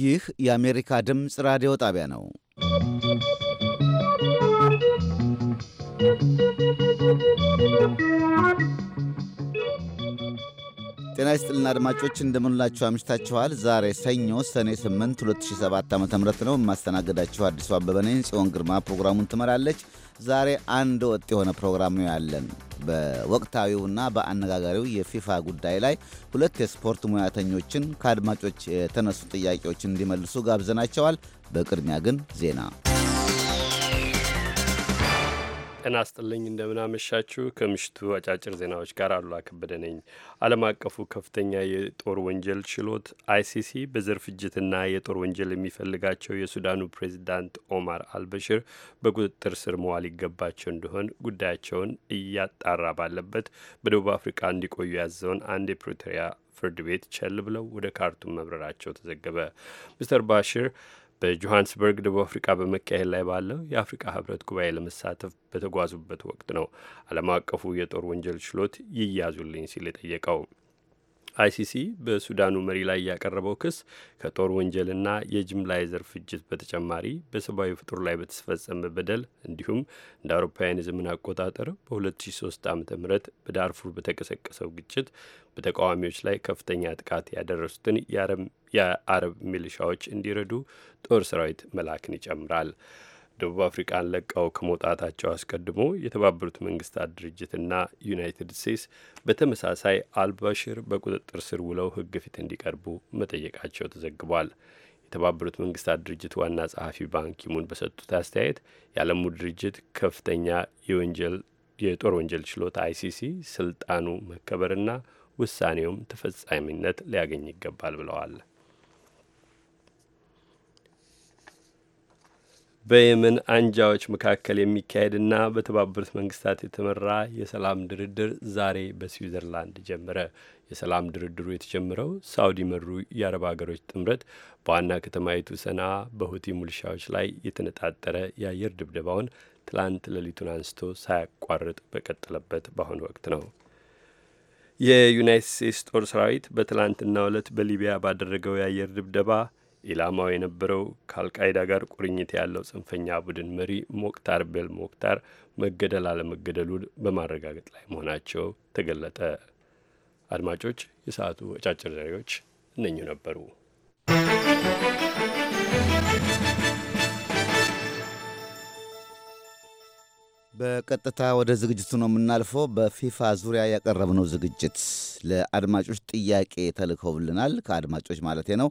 ይህ የአሜሪካ ድምፅ ራዲዮ ጣቢያ ነው። ጤና ይስጥልና አድማጮች እንደምንላችሁ አምሽታችኋል። ዛሬ ሰኞ ሰኔ 8 2007 ዓ ም ነው የማስተናገዳችሁ አዲሱ አበበ ነኝ። ጽዮን ግርማ ፕሮግራሙን ትመራለች። ዛሬ አንድ ወጥ የሆነ ፕሮግራም ነው ያለን። በወቅታዊውና በአነጋጋሪው የፊፋ ጉዳይ ላይ ሁለት የስፖርት ሙያተኞችን ከአድማጮች የተነሱ ጥያቄዎችን እንዲመልሱ ጋብዘናቸዋል። በቅድሚያ ግን ዜና ጤና ይስጥልኝ እንደምናመሻችሁ። ከምሽቱ አጫጭር ዜናዎች ጋር አሉላ ከበደ ነኝ። ዓለም አቀፉ ከፍተኛ የጦር ወንጀል ችሎት አይሲሲ በዘር ፍጅትና የጦር ወንጀል የሚፈልጋቸው የሱዳኑ ፕሬዚዳንት ኦማር አልበሽር በቁጥጥር ስር መዋል ይገባቸው እንደሆን ጉዳያቸውን እያጣራ ባለበት በደቡብ አፍሪካ እንዲቆዩ ያዘውን አንድ የፕሪቶሪያ ፍርድ ቤት ቸል ብለው ወደ ካርቱም መብረራቸው ተዘገበ። ሚስተር ባሽር በጆሃንስበርግ ደቡብ አፍሪካ በመካሄድ ላይ ባለው የአፍሪካ ህብረት ጉባኤ ለመሳተፍ በተጓዙበት ወቅት ነው ዓለም አቀፉ የጦር ወንጀል ችሎት ይያዙልኝ ሲል የጠየቀው። አይሲሲ በሱዳኑ መሪ ላይ ያቀረበው ክስ ከጦር ወንጀልና የጅምላ የዘር ፍጅት በተጨማሪ በሰብአዊ ፍጡር ላይ በተስፈጸመ በደል እንዲሁም እንደ አውሮፓውያን የዘመን አቆጣጠር በ2003 ዓ ም በዳርፉር በተቀሰቀሰው ግጭት በተቃዋሚዎች ላይ ከፍተኛ ጥቃት ያደረሱትን የአረብ የአረብ ሚሊሻዎች እንዲረዱ ጦር ሰራዊት መላክን ይጨምራል። ደቡብ አፍሪቃን ለቀው ከመውጣታቸው አስቀድሞ የተባበሩት መንግስታት ድርጅትና ዩናይትድ ስቴትስ በተመሳሳይ አልባሽር በቁጥጥር ስር ውለው ሕግ ፊት እንዲቀርቡ መጠየቃቸው ተዘግቧል። የተባበሩት መንግስታት ድርጅት ዋና ጸሐፊ ባንኪሙን በሰጡት አስተያየት የዓለሙ ድርጅት ከፍተኛ የወንጀል የጦር ወንጀል ችሎት አይሲሲ ስልጣኑ መከበርና ውሳኔውም ተፈጻሚነት ሊያገኝ ይገባል ብለዋል። በየመን አንጃዎች መካከል የሚካሄድና በተባበሩት መንግስታት የተመራ የሰላም ድርድር ዛሬ በስዊዘርላንድ ጀመረ። የሰላም ድርድሩ የተጀመረው ሳውዲ መሩ የአረብ ሀገሮች ጥምረት በዋና ከተማይቱ ሰና በሁቲ ሙልሻዎች ላይ የተነጣጠረ የአየር ድብደባውን ትላንት ሌሊቱን አንስቶ ሳያቋርጥ በቀጠለበት በአሁኑ ወቅት ነው። የዩናይትድ ስቴትስ ጦር ሰራዊት በትላንትናው ዕለት በሊቢያ ባደረገው የአየር ድብደባ ኢላማው የነበረው ከአልቃይዳ ጋር ቁርኝት ያለው ጽንፈኛ ቡድን መሪ ሞክታር ቤል ሞክታር መገደል አለመገደሉን በማረጋገጥ ላይ መሆናቸው ተገለጠ። አድማጮች፣ የሰዓቱ አጫጭር ዜናዎች እነኙ ነበሩ። በቀጥታ ወደ ዝግጅቱ ነው የምናልፈው። በፊፋ ዙሪያ ያቀረብነው ዝግጅት ለአድማጮች ጥያቄ ተልከውልናል። ከአድማጮች ማለቴ ነው።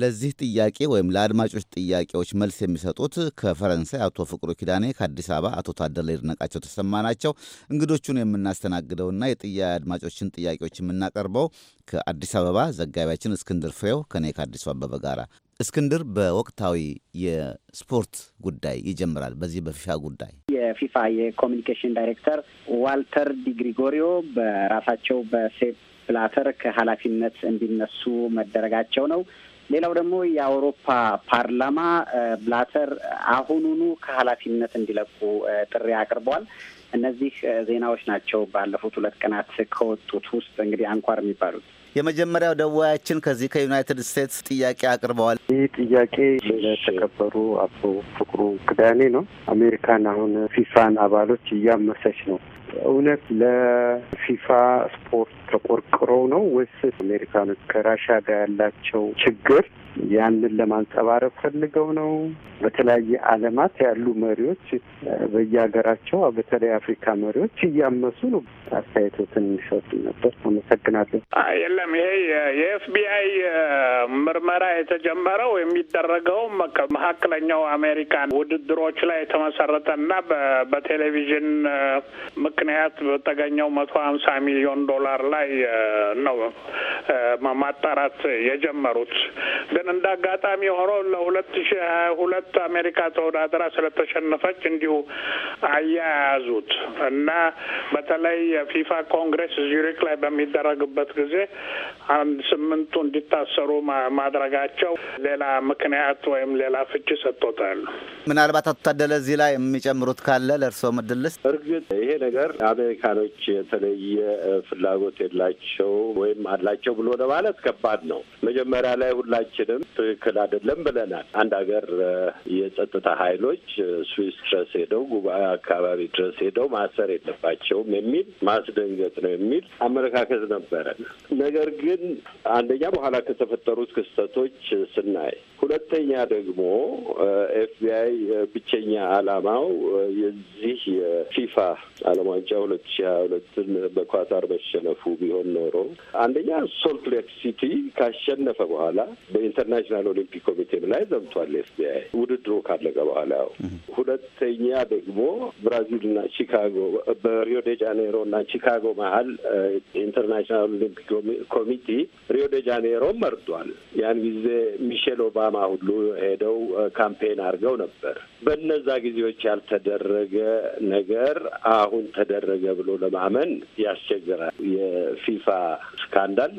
ለዚህ ጥያቄ ወይም ለአድማጮች ጥያቄዎች መልስ የሚሰጡት ከፈረንሳይ አቶ ፍቅሩ ኪዳኔ፣ ከአዲስ አበባ አቶ ታደለ ይድነቃቸው ተሰማ ናቸው። እንግዶቹን የምናስተናግደውና የጥያ አድማጮችን ጥያቄዎች የምናቀርበው ከአዲስ አበባ ዘጋቢያችን እስክንድር ፍሬው ከኔ ከአዲሱ አበበ ጋር። እስክንድር በወቅታዊ የስፖርት ጉዳይ ይጀምራል። በዚህ በፊፋ ጉዳይ የፊፋ የኮሚኒኬሽን ዳይሬክተር ዋልተር ግሪጎሪዮ በራሳቸው በሴፕ ብላተር ከኃላፊነት እንዲነሱ መደረጋቸው ነው። ሌላው ደግሞ የአውሮፓ ፓርላማ ብላተር አሁኑኑ ከኃላፊነት እንዲለቁ ጥሪ አቅርበዋል። እነዚህ ዜናዎች ናቸው ባለፉት ሁለት ቀናት ከወጡት ውስጥ እንግዲህ አንኳር የሚባሉት። የመጀመሪያው ደዋያችን ከዚህ ከዩናይትድ ስቴትስ ጥያቄ አቅርበዋል። ይህ ጥያቄ የተከበሩ አቶ ፍቅሩ ክዳኔ ነው። አሜሪካን አሁን ፊፋን አባሎች እያመሰች ነው። እውነት ለፊፋ ስፖርት ተቆርቅሮ ነው ወይስ አሜሪካኖች ከራሻ ጋር ያላቸው ችግር ያንን ለማንጸባረቅ ፈልገው ነው። በተለያየ ዓለማት ያሉ መሪዎች በየሀገራቸው በተለይ አፍሪካ መሪዎች እያመሱ ነው። አስተያየቶትን የሚሰጡ ነበር። አመሰግናለሁ። የለም ይሄ የኤፍቢአይ ምርመራ የተጀመረው የሚደረገውም መካከለኛው አሜሪካን ውድድሮች ላይ የተመሰረተ እና በቴሌቪዥን ምክንያት በተገኘው መቶ ሀምሳ ሚሊዮን ዶላር ላይ ነው ማጣራት የጀመሩት ግን እንደ አጋጣሚ ሆኖ ለሁለት ሺ ሀያ ሁለት አሜሪካ ተወዳደራ ስለተሸነፈች እንዲሁ አያያዙት እና በተለይ የፊፋ ኮንግሬስ ዙሪክ ላይ በሚደረግበት ጊዜ አንድ ስምንቱ እንዲታሰሩ ማድረጋቸው ሌላ ምክንያት ወይም ሌላ ፍቺ ሰጥቶታል። ምናልባት አቶ ታደለ እዚህ ላይ የሚጨምሩት ካለ ለእርስዎ ምድልስ። እርግጥ ይሄ ነገር አሜሪካኖች የተለየ ፍላጎት የላቸው ወይም አላቸው ብሎ ለማለት ከባድ ነው። መጀመሪያ ላይ ሁላችንም አይደለም፣ ትክክል አይደለም ብለናል። አንድ ሀገር የጸጥታ ኃይሎች ስዊስ ድረስ ሄደው ጉባኤ አካባቢ ድረስ ሄደው ማሰር የለባቸውም የሚል ማስደንገጥ ነው የሚል አመለካከት ነበረ። ነገር ግን አንደኛ በኋላ ከተፈጠሩት ክስተቶች ስናይ ሁለተኛ ደግሞ ኤፍቢአይ ብቸኛ አላማው የዚህ የፊፋ ዓለም ዋንጫ ሁለት ሺ ሀያ ሁለትን በኳታር መሸነፉ ቢሆን ኖሮ አንደኛ ሶልት ሌክ ሲቲ ካሸነፈ በኋላ በኢንተርናሽናል ኦሊምፒክ ኮሚቴም ላይ ዘምቷል ኤፍቢአይ ውድድሩ ካለቀ በኋላ ያው ሁለተኛ ደግሞ ብራዚልና ቺካጎ በሪዮ ዴ ጃኔሮና ቺካጎ መሀል ኢንተርናሽናል ኦሊምፒክ ኮሚቴ ሪዮ ዴ ጃኔሮ መርጧል። ያን ጊዜ ሚሼል ኦባ አዳማ ሁሉ ሄደው ካምፔን አድርገው ነበር። በነዛ ጊዜዎች ያልተደረገ ነገር አሁን ተደረገ ብሎ ለማመን ያስቸግራል። የፊፋ ስካንዳል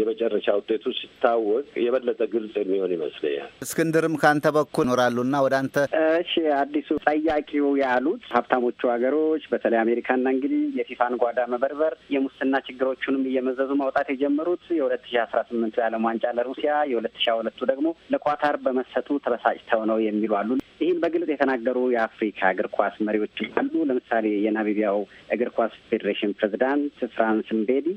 የመጨረሻ ውጤቱ ሲታወቅ የበለጠ ግልጽ የሚሆን ይመስለኛል። እስክንድርም ከአንተ በኩል ኖራሉና ወደ አንተ እሺ። አዲሱ ጠያቂው ያሉት ሀብታሞቹ ሀገሮች በተለይ አሜሪካና እንግዲህ የፊፋን ጓዳ መበርበር የሙስና ችግሮቹንም እየመዘዙ ማውጣት የጀመሩት የሁለት ሺ አስራ ስምንቱ የዓለም ዋንጫ ለሩሲያ የሁለት ሺ ሁለቱ ደግሞ ለኳታር በመሰጡ ተበሳጭተው ነው የሚሉ አሉ። ይህን በግልጽ የተናገሩ የአፍሪካ እግር ኳስ መሪዎች አሉ። ለምሳሌ የናሚቢያው እግር ኳስ ፌዴሬሽን ፕሬዚዳንት ፍራንስ ምቤዲ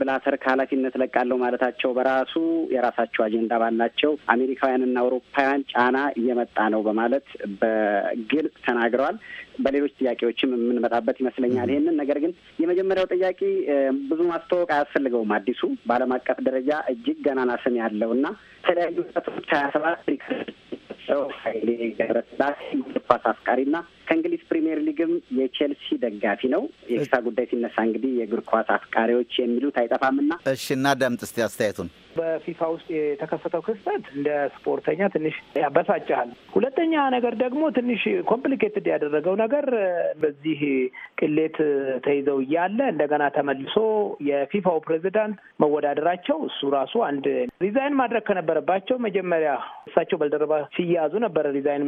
ብላተር ከኃላፊነት ለቃለሁ ማለታቸው በራሱ የራሳቸው አጀንዳ ባላቸው አሜሪካውያንና አውሮፓውያን ጫና እየመጣ ነው በማለት በግልጽ ተናግረዋል። በሌሎች ጥያቄዎችም የምንመጣበት ይመስለኛል። ይህንን ነገር ግን የመጀመሪያው ጥያቄ ብዙ ማስተዋወቅ አያስፈልገውም። አዲሱ በዓለም አቀፍ ደረጃ እጅግ ገናና ስም ያለው የተለያዩ ወጣቶች ሀያ ሰባት ሪክሰው ሀይሌ ገብረስላሴ ፋስ አፍቃሪ ከእንግሊዝ ፕሪምየር ሊግም የቼልሲ ደጋፊ ነው። የኤክሳ ጉዳይ ሲነሳ እንግዲህ የእግር ኳስ አፍቃሪዎች የሚሉት አይጠፋምና እሺ፣ እና ዳምጥ እስቲ አስተያየቱን። በፊፋ ውስጥ የተከሰተው ክስተት እንደ ስፖርተኛ ትንሽ ያበሳጭሃል። ሁለተኛ ነገር ደግሞ ትንሽ ኮምፕሊኬትድ ያደረገው ነገር በዚህ ቅሌት ተይዘው እያለ እንደገና ተመልሶ የፊፋው ፕሬዚዳንት መወዳደራቸው እሱ ራሱ አንድ ሪዛይን ማድረግ ከነበረባቸው መጀመሪያ እሳቸው ባልደረባ ሲያዙ ነበረ ሪዛይን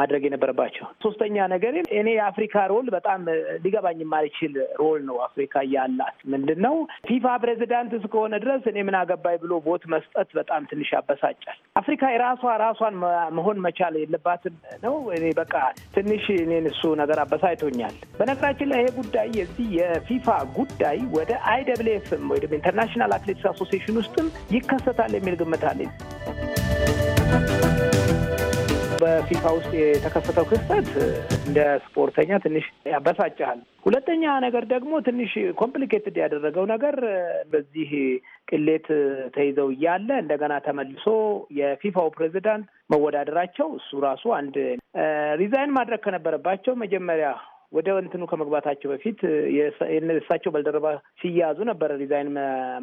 ማድረግ የነበረባቸው። ሶስተኛ ነገር እኔ የአፍሪካ ሮል በጣም ሊገባኝ የማልችል ሮል ነው አፍሪካ ያላት ምንድን ነው ፊፋ ፕሬዚዳንት እስከሆነ ድረስ እኔ ምን አገባኝ ብሎ ቦት መስጠት በጣም ትንሽ ያበሳጫል። አፍሪካ የራሷ ራሷን መሆን መቻል የለባትም ነው። እኔ በቃ ትንሽ እኔን እሱ ነገር አበሳጭቶኛል። በነገራችን ላይ ይሄ ጉዳይ የዚህ የፊፋ ጉዳይ ወደ አይ ደብሊው ኤፍም ኢንተርናሽናል አትሌቲክስ አሶሲሽን ውስጥም ይከሰታል የሚል ግምት አለኝ። በፊፋ ውስጥ የተከፈተው ክስተት እንደ ስፖርተኛ ትንሽ ያበሳጭሃል። ሁለተኛ ነገር ደግሞ ትንሽ ኮምፕሊኬትድ ያደረገው ነገር በዚህ ቅሌት ተይዘው እያለ እንደገና ተመልሶ የፊፋው ፕሬዚዳንት መወዳደራቸው እሱ ራሱ አንድ ሪዛይን ማድረግ ከነበረባቸው መጀመሪያ ወደ እንትኑ ከመግባታቸው በፊት የእሳቸው ባልደረባ ሲያዙ ነበረ ዲዛይን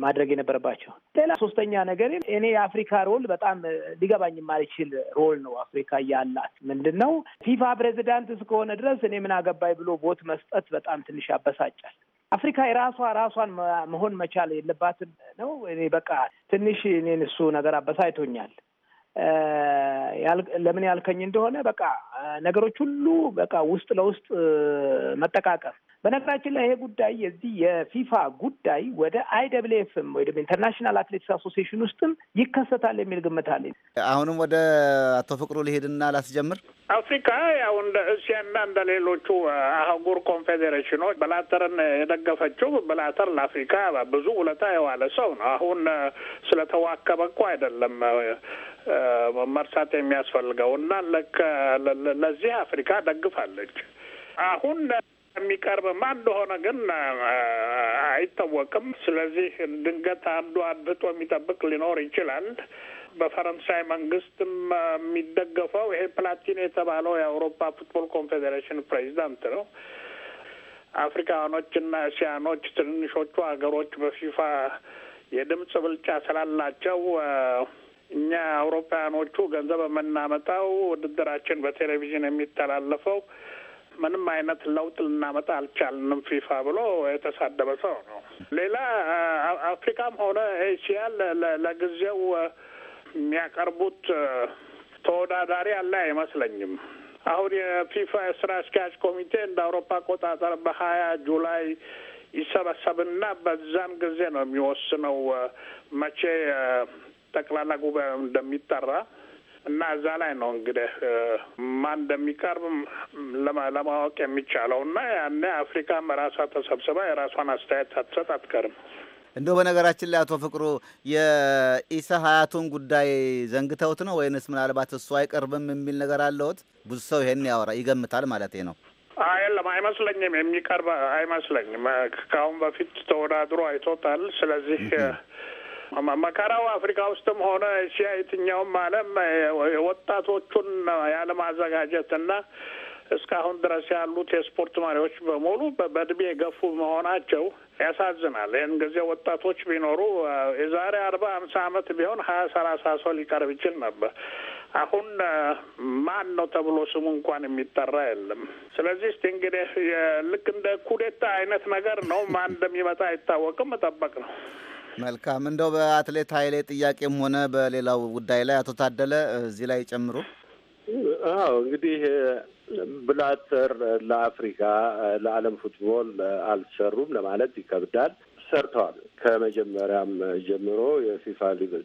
ማድረግ የነበረባቸው። ሌላ ሶስተኛ ነገር እኔ የአፍሪካ ሮል በጣም ሊገባኝ የማልችል ሮል ነው አፍሪካ ያላት ምንድን ነው ፊፋ ፕሬዚዳንት እስከሆነ ድረስ እኔ ምን አገባኝ ብሎ ቦት መስጠት በጣም ትንሽ ያበሳጫል። አፍሪካ የራሷ ራሷን መሆን መቻል የለባትም ነው። እኔ በቃ ትንሽ እኔን እሱ ነገር አበሳይቶኛል። ለምን ያልከኝ እንደሆነ በቃ ነገሮች ሁሉ በቃ ውስጥ ለውስጥ መጠቃቀም በነገራችን ላይ ይሄ ጉዳይ የዚህ የፊፋ ጉዳይ ወደ አይደብሌፍም ወይ ደግሞ ኢንተርናሽናል አትሌቲክስ አሶሲሽን ውስጥም ይከሰታል የሚል ግምት አለኝ። አሁንም ወደ አቶ ፍቅሩ ሊሄድና ላስጀምር። አፍሪካ ያው እንደ እስያና እንደ ሌሎቹ አህጉር ኮንፌዴሬሽኖች ብላተርን የደገፈችው ብላተር ለአፍሪካ ብዙ ውለታ የዋለ ሰው ነው። አሁን ስለተዋከበ እኮ አይደለም መርሳት የሚያስፈልገው እና ለዚህ አፍሪካ ደግፋለች አሁን የሚቀርብ ማን እንደሆነ ግን አይታወቅም። ስለዚህ ድንገት አንዱ አድጦ የሚጠብቅ ሊኖር ይችላል። በፈረንሳይ መንግስትም የሚደገፈው ይሄ ፕላቲን የተባለው የአውሮፓ ፉትቦል ኮንፌዴሬሽን ፕሬዚዳንት ነው። አፍሪካኖች እና እስያኖች ትንንሾቹ ሀገሮች በፊፋ የድምጽ ብልጫ ስላላቸው እኛ አውሮፓያኖቹ ገንዘብ የምናመጣው ውድድራችን በቴሌቪዥን የሚተላለፈው ምንም አይነት ለውጥ ልናመጣ አልቻልንም ፊፋ ብሎ የተሳደበ ሰው ነው። ሌላ አፍሪካም ሆነ ኤሽያ ለጊዜው የሚያቀርቡት ተወዳዳሪ አለ አይመስለኝም። አሁን የፊፋ የስራ አስኪያጅ ኮሚቴ እንደ አውሮፓ አቆጣጠር በሀያ ጁላይ ይሰበሰብና በዛን ጊዜ ነው የሚወስነው መቼ ጠቅላላ ጉባኤ እንደሚጠራ እና እዛ ላይ ነው እንግዲህ ማን እንደሚቀርብ ለማወቅ የሚቻለው እና ያኔ አፍሪካም ራሷ ተሰብስባ የራሷን አስተያየት ሳትሰጥ አትቀርም። እንደው በነገራችን ላይ አቶ ፍቅሩ የኢሳ ሀያቱን ጉዳይ ዘንግተውት ነው ወይንስ ምናልባት እሱ አይቀርብም የሚል ነገር አለውት? ብዙ ሰው ይሄን ያወራ ይገምታል ማለት ነው። የለም አይመስለኝም፣ የሚቀርብ አይመስለኝም። ከአሁን በፊት ተወዳድሮ አይቶታል። ስለዚህ መከራው አፍሪካ ውስጥም ሆነ እስያ የትኛውም ዓለም ወጣቶቹን ያለማዘጋጀትና እስካሁን ድረስ ያሉት የስፖርት መሪዎች በሙሉ በእድሜ የገፉ መሆናቸው ያሳዝናል። ይህን ጊዜ ወጣቶች ቢኖሩ የዛሬ አርባ አምሳ አመት ቢሆን ሀያ ሰላሳ ሰው ሊቀርብ ይችል ነበር። አሁን ማን ነው ተብሎ ስሙ እንኳን የሚጠራ የለም። ስለዚህ እስቲ እንግዲህ ልክ እንደ ኩዴታ አይነት ነገር ነው። ማን እንደሚመጣ አይታወቅም። መጠበቅ ነው። መልካም እንደው በአትሌት ኃይሌ ጥያቄም ሆነ በሌላው ጉዳይ ላይ አቶ ታደለ እዚህ ላይ ጨምሩ። አዎ እንግዲህ ብላተር ለአፍሪካ ለዓለም ፉትቦል አልሰሩም ለማለት ይከብዳል። ሰርተዋል። ከመጀመሪያም ጀምሮ የፊፋ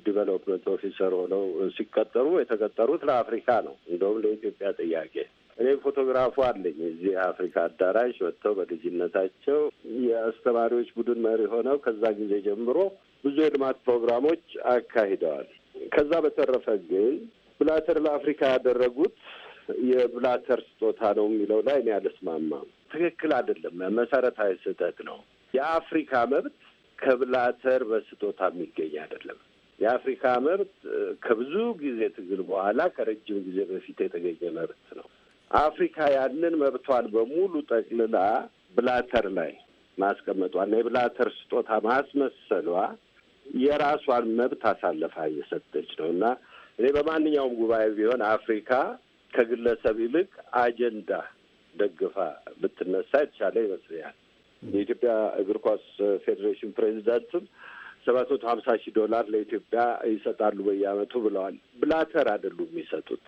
ዲቨሎፕመንት ኦፊሰር ሆነው ሲቀጠሩ የተቀጠሩት ለአፍሪካ ነው። እንደውም ለኢትዮጵያ ጥያቄ እኔም ፎቶግራፉ አለኝ። እዚህ አፍሪካ አዳራሽ ወጥተው በልጅነታቸው የአስተማሪዎች ቡድን መሪ ሆነው ከዛ ጊዜ ጀምሮ ብዙ የልማት ፕሮግራሞች አካሂደዋል። ከዛ በተረፈ ግን ብላተር ለአፍሪካ ያደረጉት የብላተር ስጦታ ነው የሚለው ላይ እኔ አልስማማም። ትክክል አይደለም። መሰረታዊ ስህተት ነው። የአፍሪካ መብት ከብላተር በስጦታ የሚገኝ አይደለም። የአፍሪካ መብት ከብዙ ጊዜ ትግል በኋላ ከረጅም ጊዜ በፊት የተገኘ መብት ነው። አፍሪካ ያንን መብቷን በሙሉ ጠቅልላ ብላተር ላይ ማስቀመጧና የብላተር ስጦታ ማስመሰሏ የራሷን መብት አሳልፋ እየሰጠች ነው እና እኔ በማንኛውም ጉባኤ ቢሆን አፍሪካ ከግለሰብ ይልቅ አጀንዳ ደግፋ ብትነሳ የተሻለ ይመስለኛል። የኢትዮጵያ እግር ኳስ ፌዴሬሽን ፕሬዚዳንትም ሰባት መቶ ሀምሳ ሺህ ዶላር ለኢትዮጵያ ይሰጣሉ በየአመቱ ብለዋል። ብላተር አይደሉም የሚሰጡት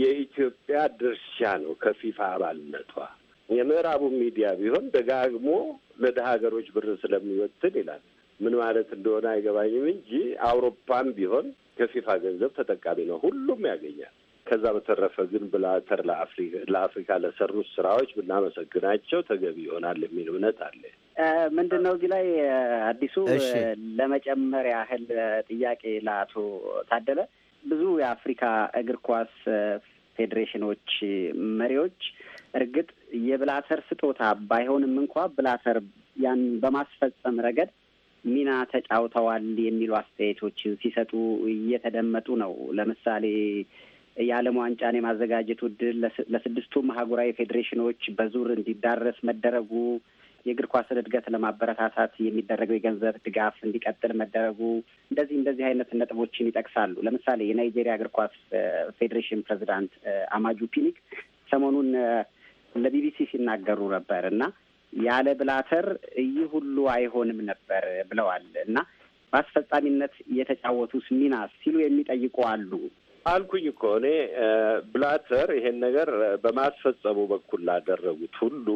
የኢትዮጵያ ድርሻ ነው ከፊፋ አባልነቷ። የምዕራቡ ሚዲያ ቢሆን ደጋግሞ ለድሀ ሀገሮች ብር ስለሚወትን ይላል። ምን ማለት እንደሆነ አይገባኝም እንጂ አውሮፓም ቢሆን ከፊፋ ገንዘብ ተጠቃሚ ነው፣ ሁሉም ያገኛል። ከዛ በተረፈ ግን ብላተር ለአፍሪካ ለሰሩት ስራዎች ብናመሰግናቸው ተገቢ ይሆናል የሚል እምነት አለ። ምንድን ነው እዚህ ላይ አዲሱ ለመጨመር ያህል ጥያቄ ለአቶ ታደለ ብዙ የአፍሪካ እግር ኳስ ፌዴሬሽኖች መሪዎች እርግጥ የብላተር ስጦታ ባይሆንም እንኳ ብላተር ያን በማስፈጸም ረገድ ሚና ተጫውተዋል የሚሉ አስተያየቶችን ሲሰጡ እየተደመጡ ነው። ለምሳሌ የዓለም ዋንጫን የማዘጋጀቱ እድል ለስድስቱ አህጉራዊ ፌዴሬሽኖች በዙር እንዲዳረስ መደረጉ የእግር ኳስን እድገት ለማበረታታት የሚደረገው የገንዘብ ድጋፍ እንዲቀጥል መደረጉ እንደዚህ እንደዚህ አይነት ነጥቦችን ይጠቅሳሉ። ለምሳሌ የናይጄሪያ እግር ኳስ ፌዴሬሽን ፕሬዚዳንት አማጁ ፒኒክ ሰሞኑን ለቢቢሲ ሲናገሩ ነበር እና ያለ ብላተር ይህ ሁሉ አይሆንም ነበር ብለዋል እና በአስፈጻሚነት የተጫወቱት ሚና ሲሉ የሚጠይቁ አሉ። አልኩኝ እኮ እኔ ብላተር ይሄን ነገር በማስፈጸሙ በኩል ላደረጉት ሁሉ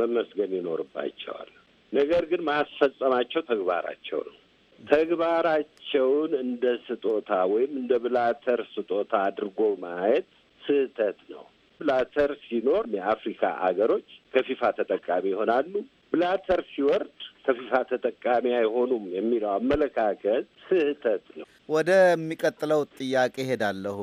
መመስገን ይኖርባቸዋል። ነገር ግን ማስፈጸማቸው ተግባራቸው ነው። ተግባራቸውን እንደ ስጦታ ወይም እንደ ብላተር ስጦታ አድርጎ ማየት ስህተት ነው። ብላተር ሲኖር የአፍሪካ አገሮች ከፊፋ ተጠቃሚ ይሆናሉ። ብላተር ሲወርድ ከፊፋ ተጠቃሚ አይሆኑም የሚለው አመለካከት ስህተት ነው። ወደሚቀጥለው ጥያቄ ሄዳለሁ።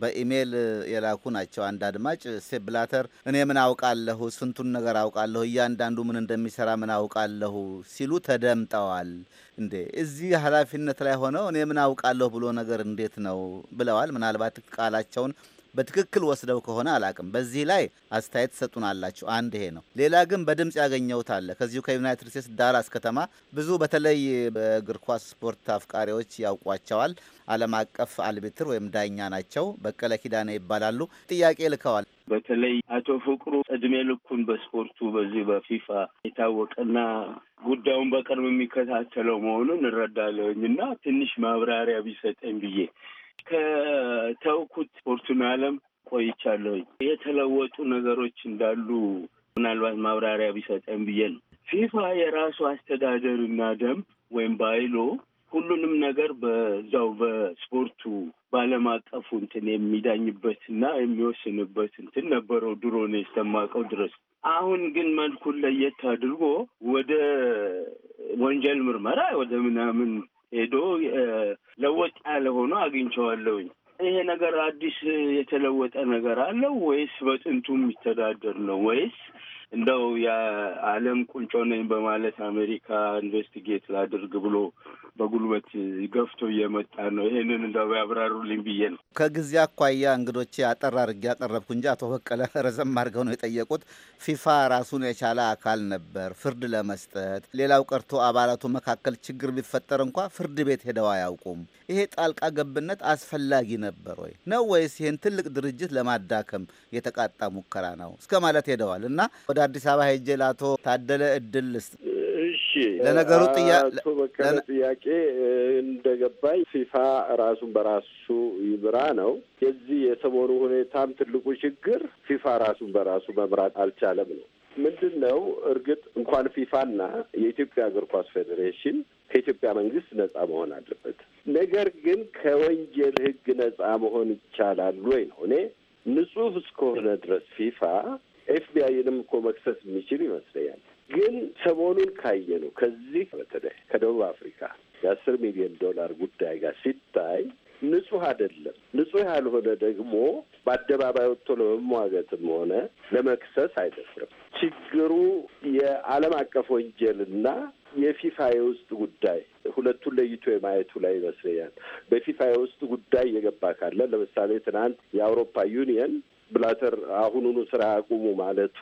በኢሜይል የላኩ ናቸው። አንድ አድማጭ ሴፕ ብላተር እኔ ምን አውቃለሁ፣ ስንቱን ነገር አውቃለሁ፣ እያንዳንዱ ምን እንደሚሰራ ምን አውቃለሁ ሲሉ ተደምጠዋል። እንዴ እዚህ ኃላፊነት ላይ ሆነው እኔ ምን አውቃለሁ ብሎ ነገር እንዴት ነው ብለዋል። ምናልባት ቃላቸውን በትክክል ወስደው ከሆነ አላቅም። በዚህ ላይ አስተያየት ትሰጡናላችሁ። አንድ ይሄ ነው። ሌላ ግን በድምፅ ያገኘሁት አለ ከዚሁ ከዩናይትድ ስቴትስ ዳላስ ከተማ ብዙ በተለይ በእግር ኳስ ስፖርት አፍቃሪዎች ያውቋቸዋል። ዓለም አቀፍ አልቢትር ወይም ዳኛ ናቸው። በቀለ ኪዳና ይባላሉ። ጥያቄ ልከዋል። በተለይ አቶ ፍቅሩ እድሜ ልኩን በስፖርቱ በዚህ በፊፋ የታወቀና ጉዳዩን በቅርብ የሚከታተለው መሆኑን እረዳለሁኝ እና ትንሽ ማብራሪያ ቢሰጠኝ ብዬ ከተውኩት ስፖርቱን ዓለም ቆይቻለሁኝ። የተለወጡ ነገሮች እንዳሉ ምናልባት ማብራሪያ ቢሰጠን ብዬ ነው። ፊፋ የራሱ አስተዳደርና ደንብ ወይም ባይሎ ሁሉንም ነገር በዛው በስፖርቱ በዓለም አቀፉ እንትን የሚዳኝበት እና የሚወስንበት እንትን ነበረው ድሮ ነው የስተማቀው ድረስ። አሁን ግን መልኩን ለየት አድርጎ ወደ ወንጀል ምርመራ ወደ ምናምን ሄዶ ለወጥ ያለ ሆኖ አግኝቸዋለሁኝ ይሄ ነገር አዲስ የተለወጠ ነገር አለው ወይስ በጥንቱ የሚተዳደር ነው ወይስ እንደው የዓለም ቁንጮ ነኝ በማለት አሜሪካ ኢንቨስቲጌት ላድርግ ብሎ በጉልበት ገፍቶ እየመጣ ነው። ይሄንን እንደው ያብራሩልኝ ብዬ ነው። ከጊዜ አኳያ እንግዶቼ አጠር አድርጌ ያቀረብኩ እንጂ አቶ በቀለ ረዘም አድርገው ነው የጠየቁት። ፊፋ ራሱን የቻለ አካል ነበር ፍርድ ለመስጠት። ሌላው ቀርቶ አባላቱ መካከል ችግር ቢፈጠር እንኳ ፍርድ ቤት ሄደው አያውቁም። ይሄ ጣልቃ ገብነት አስፈላጊ ነበር ወይ ነው ወይስ ይህን ትልቅ ድርጅት ለማዳከም የተቃጣ ሙከራ ነው እስከ ማለት ሄደዋል እና ወደ አዲስ አበባ ሄጄ ለአቶ ታደለ እድል ልስጥ። እሺ፣ ለነገሩ በቀለ ጥያቄ እንደገባኝ ፊፋ ራሱን በራሱ ይምራ ነው። የዚህ የሰሞኑ ሁኔታም ትልቁ ችግር ፊፋ ራሱን በራሱ መምራት አልቻለም ነው። ምንድን ነው እርግጥ እንኳን ፊፋና የኢትዮጵያ እግር ኳስ ፌዴሬሽን ከኢትዮጵያ መንግስት ነጻ መሆን አለበት። ነገር ግን ከወንጀል ህግ ነጻ መሆን ይቻላል ወይ ነው። እኔ ንጹህ እስከሆነ ድረስ ፊፋ ኤፍቢአይንም እኮ መክሰስ የሚችል ይመስለኛል። ግን ሰሞኑን ካየ ነው ከዚህ በተለይ ከደቡብ አፍሪካ የአስር ሚሊዮን ዶላር ጉዳይ ጋር ሲታይ ንጹህ አይደለም። ንጹህ ያልሆነ ደግሞ በአደባባይ ወጥቶ ለመሟገትም ሆነ ለመክሰስ አይደፍርም። ችግሩ የዓለም አቀፍ ወንጀልና የፊፋ የውስጥ ጉዳይ ሁለቱን ለይቶ የማየቱ ላይ ይመስለኛል። በፊፋ የውስጥ ጉዳይ እየገባ ካለ ለምሳሌ ትናንት የአውሮፓ ዩኒየን ብላተር አሁኑኑ ስራ አቁሙ ማለቱ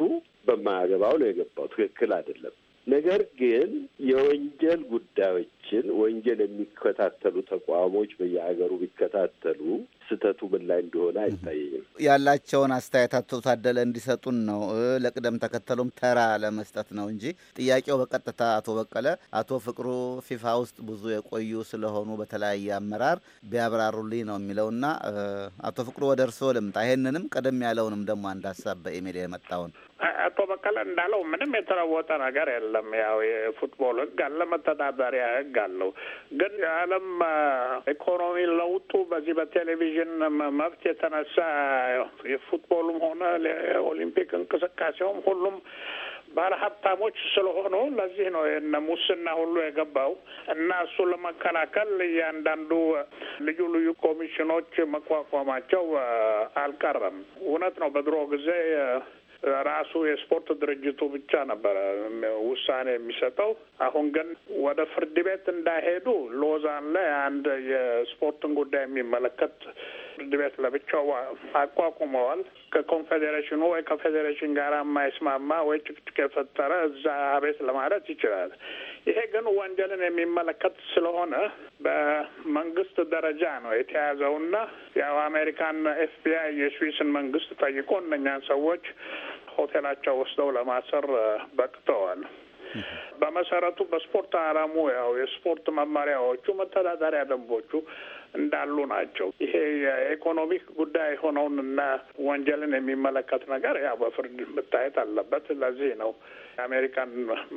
በማያገባው ነው የገባው። ትክክል አይደለም። ነገር ግን የወንጀል ጉዳዮች ተቋሞችን ወንጀል የሚከታተሉ ተቋሞች በየሀገሩ ቢከታተሉ ስህተቱ ምን ላይ እንደሆነ አይታየኝም። ያላቸውን አስተያየት አቶ ታደለ እንዲሰጡን ነው። ለቅደም ተከተሉም ተራ ለመስጠት ነው እንጂ ጥያቄው በቀጥታ አቶ በቀለ፣ አቶ ፍቅሩ ፊፋ ውስጥ ብዙ የቆዩ ስለሆኑ በተለያየ አመራር ቢያብራሩልኝ ነው የሚለውና አቶ ፍቅሩ ወደ እርስዎ ልምጣ። ይሄንንም ቀደም ያለውንም ደግሞ አንድ ሀሳብ በኢሜል የመጣውን አቶ በቀለ እንዳለው ምንም የተለወጠ ነገር የለም። ያው የፉትቦል ህግ አለ፣ መተዳደሪያ ህግ አደርጋለሁ። ግን የዓለም ኢኮኖሚ ለውጡ በዚህ በቴሌቪዥን መብት የተነሳ የፉትቦሉም ሆነ የኦሊምፒክ እንቅስቃሴውም ሁሉም ባለሀብታሞች ስለሆኑ ለዚህ ነው የነ ሙስና ሁሉ የገባው እና እሱ ለመከላከል እያንዳንዱ ልዩ ልዩ ኮሚሽኖች መቋቋማቸው አልቀረም። እውነት ነው። በድሮ ጊዜ ራሱ የስፖርት ድርጅቱ ብቻ ነበረ ውሳኔ የሚሰጠው። አሁን ግን ወደ ፍርድ ቤት እንዳይሄዱ ሎዛን ላይ አንድ የስፖርትን ጉዳይ የሚመለከት ፍርድ ቤት ለብቻው አቋቁመዋል። ከኮንፌዴሬሽኑ ወይ ከፌዴሬሽን ጋር የማይስማማ ወይ ጭቅጭቅ የፈጠረ እዛ አቤት ለማለት ይችላል። ይሄ ግን ወንጀልን የሚመለከት ስለሆነ በመንግስት ደረጃ ነው የተያዘውና ያው አሜሪካን ኤፍቢአይ የስዊስን መንግስት ጠይቆ እነኛን ሰዎች ሆቴላቸው ወስደው ለማሰር በቅተዋል። በመሰረቱ በስፖርት አላሙ ያው የስፖርት መመሪያዎቹ፣ መተዳደሪያ ደንቦቹ እንዳሉ ናቸው። ይሄ የኢኮኖሚክ ጉዳይ የሆነውን እና ወንጀልን የሚመለከት ነገር ያው በፍርድ መታየት አለበት። ለዚህ ነው የአሜሪካን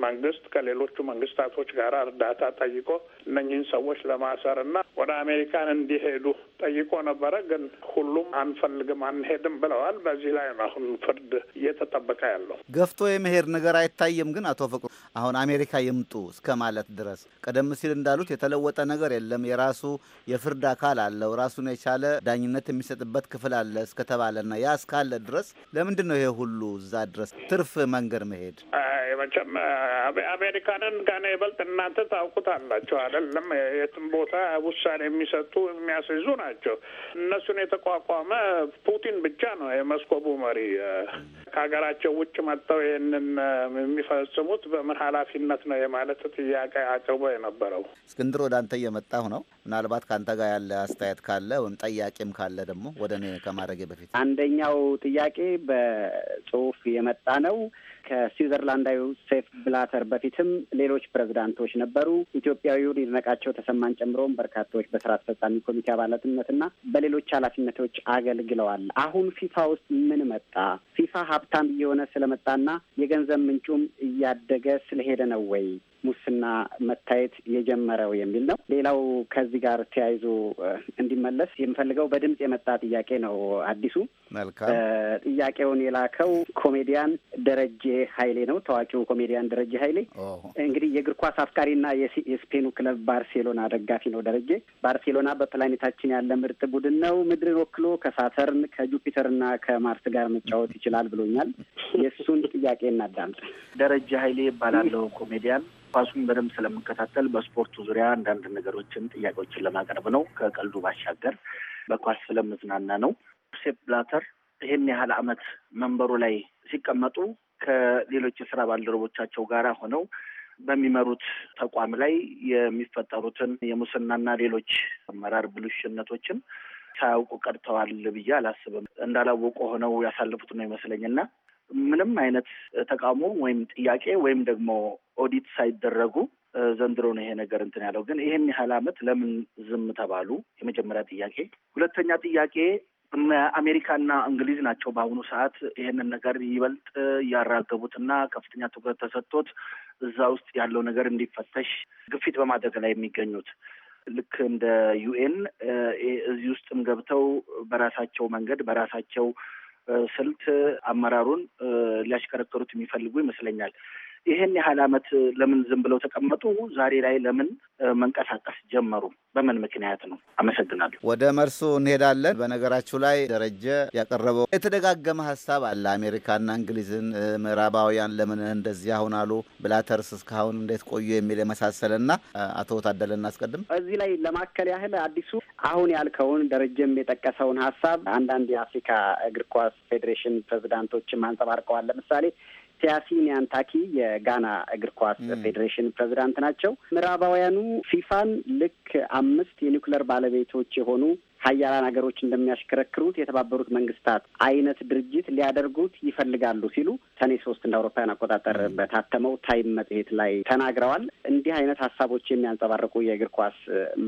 መንግስት ከሌሎቹ መንግስታቶች ጋር እርዳታ ጠይቆ እነኝህን ሰዎች ለማሰር እና ወደ አሜሪካን እንዲሄዱ ጠይቆ ነበረ። ግን ሁሉም አንፈልግም፣ አንሄድም ብለዋል። በዚህ ላይ ነው አሁን ፍርድ እየተጠበቀ ያለው። ገፍቶ የመሄድ ነገር አይታይም። ግን አቶ ፍቅሩ አሁን አሜሪካ ይምጡ እስከ ማለት ድረስ ቀደም ሲል እንዳሉት የተለወጠ ነገር የለም። የራሱ የፍርድ አካል አለው። ራሱን የቻለ ዳኝነት የሚሰጥበት ክፍል አለ እስከተባለና ያ እስካለ ድረስ ለምንድን ነው ይሄ ሁሉ እዛ ድረስ ትርፍ መንገድ መሄድ? የመቸም አሜሪካንን ጋና ይበልጥ እናንተ ታውቁታላችሁ አይደለም? የትም ቦታ ውሳኔ የሚሰጡ የሚያስይዙ ናቸው። እነሱን የተቋቋመ ፑቲን ብቻ ነው የመስኮቡ መሪ። ከሀገራቸው ውጭ መጥተው ይህንን የሚፈጽሙት በምን ኃላፊነት ነው የማለት ጥያቄ አቅርቦ የነበረው እስክንድር፣ ወደ አንተ እየመጣሁ ነው። ምናልባት ከአንተ ጋር ያለ አስተያየት ካለ ወይም ጠያቄም ካለ ደግሞ ወደ እኔ ከማድረጌ በፊት አንደኛው ጥያቄ በጽሁፍ የመጣ ነው። ከስዊዘርላንዳዊው ሴፍ ብላተር በፊትም ሌሎች ፕሬዝዳንቶች ነበሩ። ኢትዮጵያዊውን ይድነቃቸው ተሰማን ጨምሮም በርካቶች በስራ አስፈጻሚ ኮሚቴ አባላትነትና በሌሎች ኃላፊነቶች አገልግለዋል። አሁን ፊፋ ውስጥ ምን መጣ? ፊፋ ሀብታም እየሆነ ስለመጣና የገንዘብ ምንጩም እያደገ ስለሄደ ነው ወይ? ሙስና መታየት የጀመረው የሚል ነው። ሌላው ከዚህ ጋር ተያይዞ እንዲመለስ የምፈልገው በድምጽ የመጣ ጥያቄ ነው። አዲሱ መልካም ጥያቄውን የላከው ኮሜዲያን ደረጀ ኃይሌ ነው። ታዋቂው ኮሜዲያን ደረጀ ኃይሌ እንግዲህ የእግር ኳስ አፍቃሪና የስፔኑ ክለብ ባርሴሎና ደጋፊ ነው። ደረጀ ባርሴሎና በፕላኔታችን ያለ ምርጥ ቡድን ነው። ምድርን ወክሎ ከሳተርን ከጁፒተርና ከማርስ ጋር መጫወት ይችላል ብሎኛል። የእሱን ጥያቄ እናዳምጥ። ደረጀ ኃይሌ ይባላለው ኮሜዲያን ኳሱን በደንብ ስለምከታተል በስፖርቱ ዙሪያ አንዳንድ ነገሮችን፣ ጥያቄዎችን ለማቅረብ ነው። ከቀልዱ ባሻገር በኳስ ስለምዝናና ነው። ሴፕ ብላተር ይህን ያህል ዓመት መንበሩ ላይ ሲቀመጡ ከሌሎች የስራ ባልደረቦቻቸው ጋር ሆነው በሚመሩት ተቋም ላይ የሚፈጠሩትን የሙስናና ሌሎች አመራር ብልሽነቶችን ሳያውቁ ቀርተዋል ብዬ አላስብም። እንዳላወቁ ሆነው ያሳልፉት ነው ይመስለኝና ምንም አይነት ተቃውሞ ወይም ጥያቄ ወይም ደግሞ ኦዲት ሳይደረጉ ዘንድሮ ነው ይሄ ነገር እንትን ያለው። ግን ይህን ያህል አመት ለምን ዝም ተባሉ? የመጀመሪያ ጥያቄ። ሁለተኛ ጥያቄ አሜሪካና እንግሊዝ ናቸው በአሁኑ ሰዓት ይህንን ነገር ይበልጥ እያራገቡትና ከፍተኛ ትኩረት ተሰጥቶት እዛ ውስጥ ያለው ነገር እንዲፈተሽ ግፊት በማድረግ ላይ የሚገኙት ልክ እንደ ዩኤን እዚህ ውስጥም ገብተው በራሳቸው መንገድ በራሳቸው ስልት አመራሩን ሊያሽከረከሩት የሚፈልጉ ይመስለኛል። ይህን ያህል ዓመት ለምን ዝም ብለው ተቀመጡ? ዛሬ ላይ ለምን መንቀሳቀስ ጀመሩ? በምን ምክንያት ነው? አመሰግናለሁ። ወደ መርሱ እንሄዳለን። በነገራችሁ ላይ ደረጀ ያቀረበው የተደጋገመ ሀሳብ አለ። አሜሪካና እንግሊዝን ምዕራባውያን ለምን እንደዚህ አሁን አሉ፣ ብላተርስ እስካሁን እንዴት ቆዩ የሚል የመሳሰለና አቶ ታደለ እናስቀድም። እዚህ ላይ ለማከል ያህል አዲሱ አሁን ያልከውን ደረጀም የጠቀሰውን ሀሳብ አንዳንድ የአፍሪካ እግር ኳስ ፌዴሬሽን ፕሬዚዳንቶችም አንጸባርቀዋል። ለምሳሌ ሲያሲ ኒያንታኪ የጋና እግር ኳስ ፌዴሬሽን ፕሬዚዳንት ናቸው። ምዕራባውያኑ ፊፋን ልክ አምስት የኒውክለር ባለቤቶች የሆኑ ሀያላን ሀገሮች እንደሚያሽከረክሩት የተባበሩት መንግስታት አይነት ድርጅት ሊያደርጉት ይፈልጋሉ ሲሉ ሰኔ ሶስት እንደ አውሮፓውያን አቆጣጠር በታተመው ታይም መጽሔት ላይ ተናግረዋል። እንዲህ አይነት ሀሳቦች የሚያንጸባርቁ የእግር ኳስ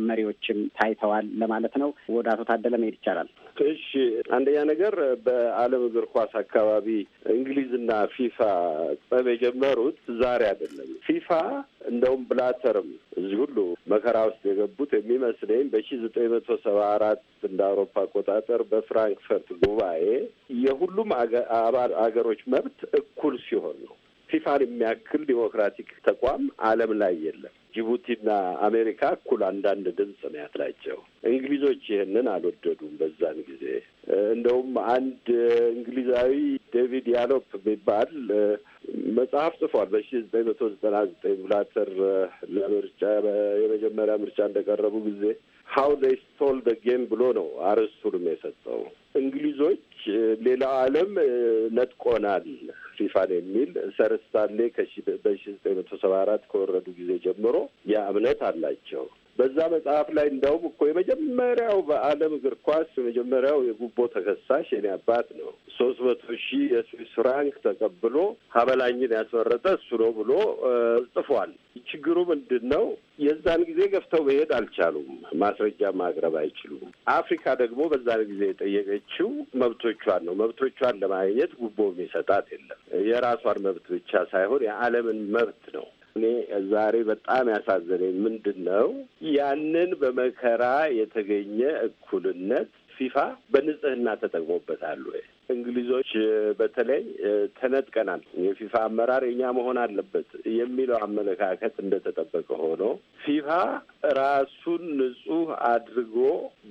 መሪዎችም ታይተዋል ለማለት ነው። ወደ አቶ ታደለ መሄድ ይቻላል። እሺ፣ አንደኛ ነገር በዓለም እግር ኳስ አካባቢ እንግሊዝና ፊፋ ጸብ የጀመሩት ዛሬ አይደለም። ፊፋ እንደውም ብላተርም እዚህ ሁሉ መከራ ውስጥ የገቡት የሚመስለኝ በሺ ዘጠኝ መቶ ሰባ አራት እንደ አውሮፓ አቆጣጠር በፍራንክፈርት ጉባኤ የሁሉም አባል አገሮች መብት እኩል ሲሆን ነው። ፊፋን የሚያክል ዲሞክራቲክ ተቋም ዓለም ላይ የለም። ጅቡቲና አሜሪካ እኩል አንዳንድ ድምፅ ነው ያላቸው። እንግሊዞች ይህንን አልወደዱም በዛን ጊዜ። እንደውም አንድ እንግሊዛዊ ዴቪድ ያሎፕ የሚባል መጽሐፍ ጽፏል። በሺ ዘጠኝ መቶ ዘጠና ዘጠኝ ብላተር ለምርጫ የመጀመሪያ ምርጫ እንደቀረቡ ጊዜ ሀው ዴይ ስቶል ደ ጌም ብሎ ነው አርዕስቱንም የሰጠው። እንግሊዞች ሌላ ዓለም ነጥቆናል ፊፋን የሚል ሰር ስታንሌ ከሺ በሺ ዘጠኝ መቶ ሰባ አራት ከወረዱ ጊዜ ጀምሮ ያ እምነት አላቸው። በዛ መጽሐፍ ላይ እንደውም እኮ የመጀመሪያው በዓለም እግር ኳስ የመጀመሪያው የጉቦ ተከሳሽ የኔ አባት ነው። ሶስት መቶ ሺህ የስዊስ ፍራንክ ተቀብሎ ሀበላኝን ያስመረጠ እሱ ነው ብሎ ጽፏል። ችግሩ ምንድን ነው? የዛን ጊዜ ገፍተው መሄድ አልቻሉም። ማስረጃ ማቅረብ አይችሉም። አፍሪካ ደግሞ በዛን ጊዜ የጠየቀችው መብቶቿን ነው። መብቶቿን ለማግኘት ጉቦ የሚሰጣት የለም። የራሷን መብት ብቻ ሳይሆን የዓለምን መብት ነው እኔ ዛሬ በጣም ያሳዘነኝ ምንድን ነው ያንን በመከራ የተገኘ እኩልነት ፊፋ በንጽህና ተጠቅሞበታል ወይ? እንግሊዞች በተለይ ተነጥቀናል፣ የፊፋ አመራር የኛ መሆን አለበት የሚለው አመለካከት እንደተጠበቀ ሆኖ ፊፋ ራሱን ንጹህ አድርጎ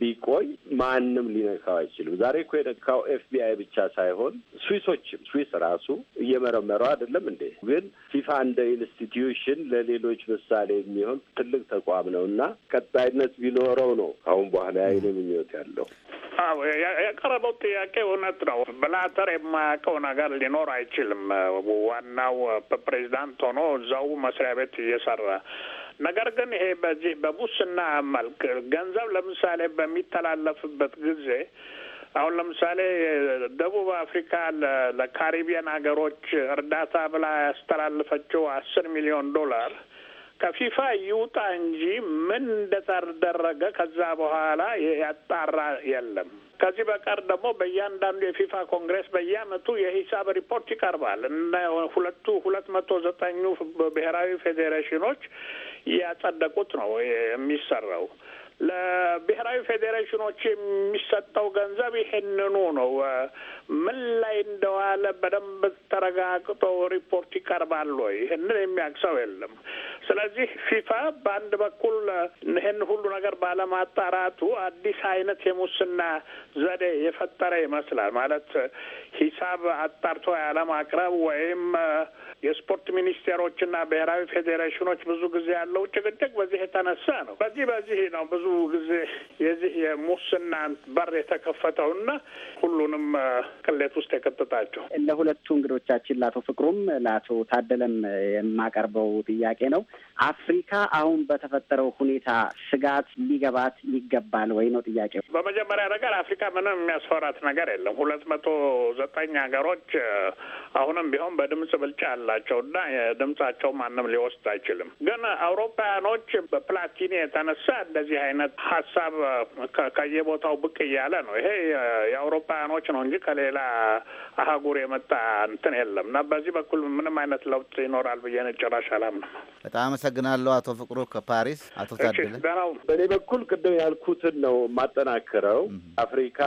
ቢቆይ ማንም ሊነካው አይችልም። ዛሬ እኮ የነካው ኤፍቢአይ ብቻ ሳይሆን ስዊሶችም፣ ስዊስ ራሱ እየመረመረው አይደለም እንዴ? ግን ፊፋ እንደ ኢንስቲትዩሽን ለሌሎች ምሳሌ የሚሆን ትልቅ ተቋም ነው እና ቀጣይነት ቢኖረው ነው አሁን በኋላ ያይነ ምኞት ያለው። አዎ ያቀረበው ጥያቄ እውነት ነው። ብላተር የማያውቀው ነገር ሊኖር አይችልም። ዋናው ፕሬዚዳንት ሆኖ እዛው መስሪያ ቤት እየሰራ ነገር ግን ይሄ በዚህ በሙስና መልክ ገንዘብ ለምሳሌ በሚተላለፍበት ጊዜ አሁን ለምሳሌ ደቡብ አፍሪካ ለካሪቢያን ሀገሮች እርዳታ ብላ ያስተላልፈችው አስር ሚሊዮን ዶላር ከፊፋ ይውጣ እንጂ ምን እንደተደረገ ከዛ በኋላ ያጣራ የለም። ከዚህ በቀር ደግሞ በእያንዳንዱ የፊፋ ኮንግሬስ በየአመቱ የሂሳብ ሪፖርት ይቀርባል እና ሁለቱ ሁለት መቶ ዘጠኙ ብሔራዊ ፌዴሬሽኖች ያጸደቁት ነው የሚሰራው። ለብሔራዊ ፌዴሬሽኖች የሚሰጠው ገንዘብ ይሄንኑ ነው። ምን ላይ እንደዋለ በደንብ ተረጋግጦ ሪፖርት ይቀርባል ወይ? ይህንን የሚያቅሰው የለም። ስለዚህ ፊፋ በአንድ በኩል ይህን ሁሉ ነገር ባለማጣራቱ አዲስ አይነት የሙስና ዘዴ የፈጠረ ይመስላል። ማለት ሂሳብ አጣርቶ ያለማቅረብ ወይም የስፖርት ሚኒስቴሮችና ብሔራዊ ፌዴሬሽኖች ብዙ ጊዜ ያለው ጭቅጭቅ በዚህ የተነሳ ነው። በዚህ በዚህ ነው ብዙ ጊዜ የዚህ የሙስና በር የተከፈተውና ሁሉንም ቅሌት ውስጥ የከተታቸው ለሁለቱ እንግዶቻችን ለአቶ ፍቅሩም ለአቶ ታደለም የማቀርበው ጥያቄ ነው። አፍሪካ አሁን በተፈጠረው ሁኔታ ስጋት ሊገባት ይገባል ወይ ነው ጥያቄው። በመጀመሪያ ነገር አፍሪካ ምንም የሚያስፈራት ነገር የለም። ሁለት መቶ ዘጠኝ ሀገሮች አሁንም ቢሆን በድምጽ ብልጫ አላቸው እና የድምጻቸው ማንም ሊወስድ አይችልም። ግን አውሮፓውያኖች በፕላቲኒ የተነሳ እንደዚህ አይነት አይነት ሀሳብ ከየቦታው ብቅ እያለ ነው። ይሄ የአውሮፓውያኖች ነው እንጂ ከሌላ አህጉር የመጣ እንትን የለም እና በዚህ በኩል ምንም አይነት ለውጥ ይኖራል ብዬ ጭራሽ አላምንም። በጣም አመሰግናለሁ አቶ ፍቅሩ ከፓሪስ። አቶ ታደለ በእኔ በኩል ቅድም ያልኩትን ነው የማጠናክረው። አፍሪካ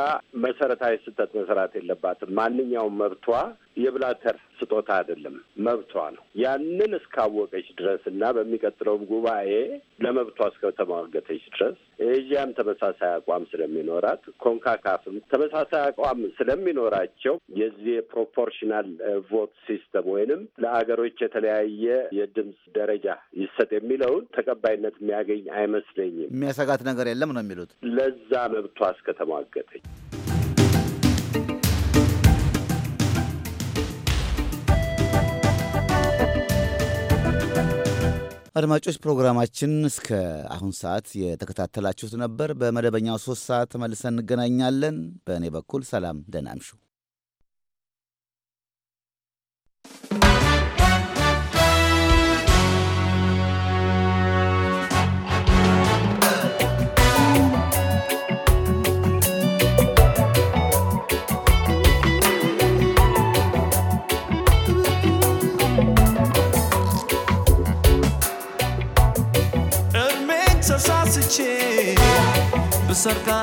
መሰረታዊ ስህተት መሰራት የለባትም። ማንኛውም መብቷ የብላተር ስጦታ አይደለም፣ መብቷ ነው። ያንን እስካወቀች ድረስ እና በሚቀጥለውም ጉባኤ ለመብቷ እስከተሟገተች ድረስ ኤዥያም ተመሳሳይ አቋም ስለሚኖራት ኮንካካፍም ተመሳሳይ አቋም ስለሚኖራቸው የዚህ የፕሮፖርሽናል ቮት ሲስተም ወይንም ለአገሮች የተለያየ የድምፅ ደረጃ ይሰጥ የሚለውን ተቀባይነት የሚያገኝ አይመስለኝም። የሚያሰጋት ነገር የለም ነው የሚሉት ለዛ መብቷ እስከተሟገተች አድማጮች ፕሮግራማችን እስከ አሁን ሰዓት የተከታተላችሁት ነበር። በመደበኛው ሶስት ሰዓት ተመልሰን እንገናኛለን። በእኔ በኩል ሰላም፣ ደህና እምሹ። cerca